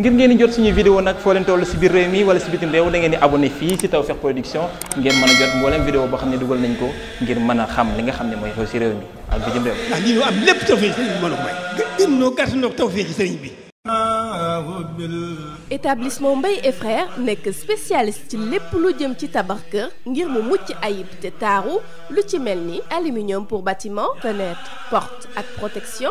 ngir ngeen di jot suñu vidéo nag foo leen toll si biir réew mi wala si bitim réew da ngeen di abonné fii si Tawfekh Production ngeen mën a jot mboolem vidéo boo xam ne dugal nañ ko ngir mën a xam li nga xam ne mooy xew si réew mi ak bitim réew. ndax lii ñu am lépp Tawfekh sëriñ bi mën a may. gën noo gàtt noo Tawfekh sëriñ bi. établissement Mbaye et nekk spécialiste ci lépp lu jëm ci tabax kër ngir mu mucc ayib te taaru lu ci mel ni aluminium pour bâtiment fenêtre porte ak protection.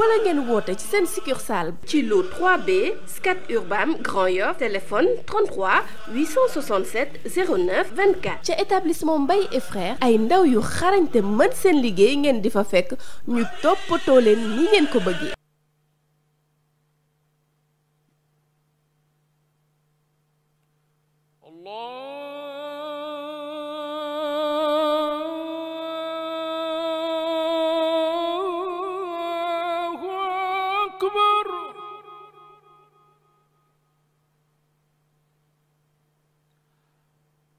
wala ngeen woote ci seen succursale ci lu 3B Scat Urbam Grand Yoff téléphone 33 867 09 24 ca établissement Mbaye et ay ndaw yu xarañ te mën seen liggéey ngeen di fa fekk ñu toppatoo leen ni ngeen ko bëggee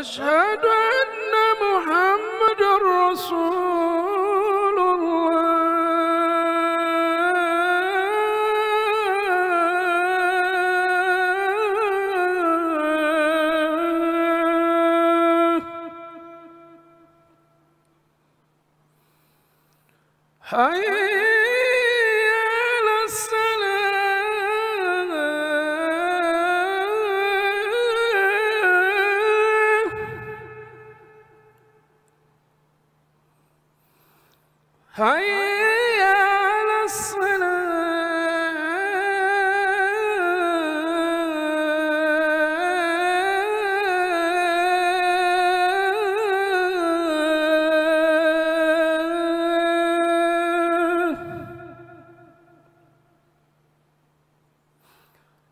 أشهد أن محمد رسول الله حي حي على الصلاة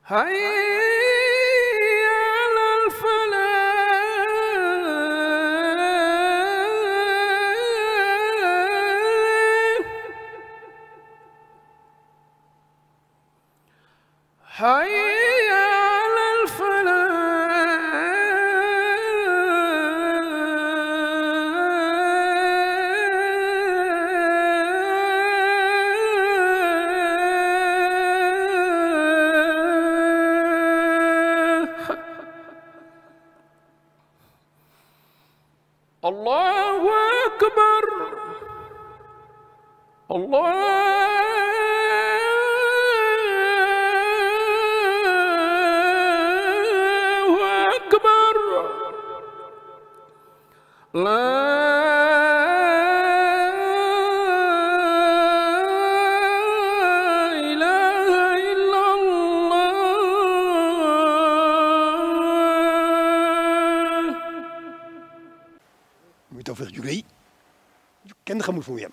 حي حي على الفلاح الله أكبر الله muy Tawfekh jugee yi kenn xamul fu mu yem